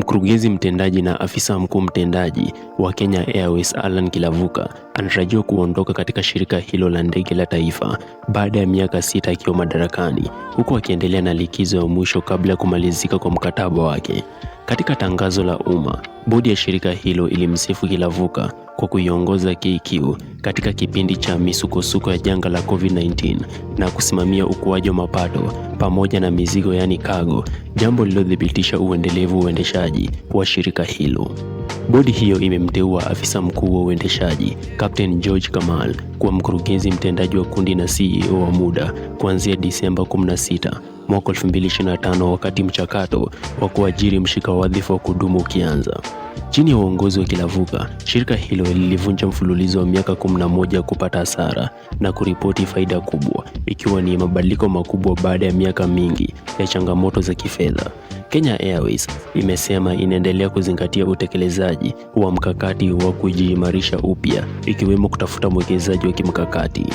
Mkurugenzi mtendaji na afisa mkuu mtendaji wa Kenya Airways Alan Kilavuka anatarajiwa kuondoka katika shirika hilo la ndege la taifa baada ya miaka sita akiwa madarakani, huku akiendelea na likizo ya mwisho kabla ya kumalizika kwa mkataba wake. Katika tangazo la umma, bodi ya shirika hilo ilimsifu Kilavuka kwa kuiongoza KQ katika kipindi cha misukosuko ya janga la COVID-19 na kusimamia ukuaji wa mapato pamoja na mizigo, yani cargo, jambo lililothibitisha uendelevu uendeshaji wa shirika hilo. Bodi hiyo imemteua afisa mkuu wa uendeshaji Captain George Kamal kuwa mkurugenzi mtendaji wa kundi na CEO wa muda kuanzia Disemba 16 mwaka 2025, wakati mchakato wa kuajiri mshika wadhifa wa kudumu ukianza. Chini ya uongozi wa Kilavuka, shirika hilo lilivunja mfululizo wa miaka 11 kupata hasara na kuripoti faida kubwa, ikiwa ni mabadiliko makubwa baada ya miaka mingi ya changamoto za kifedha. Kenya Airways imesema inaendelea kuzingatia utekelezaji wa mkakati wa kujiimarisha upya, ikiwemo kutafuta mwekezaji wa kimkakati.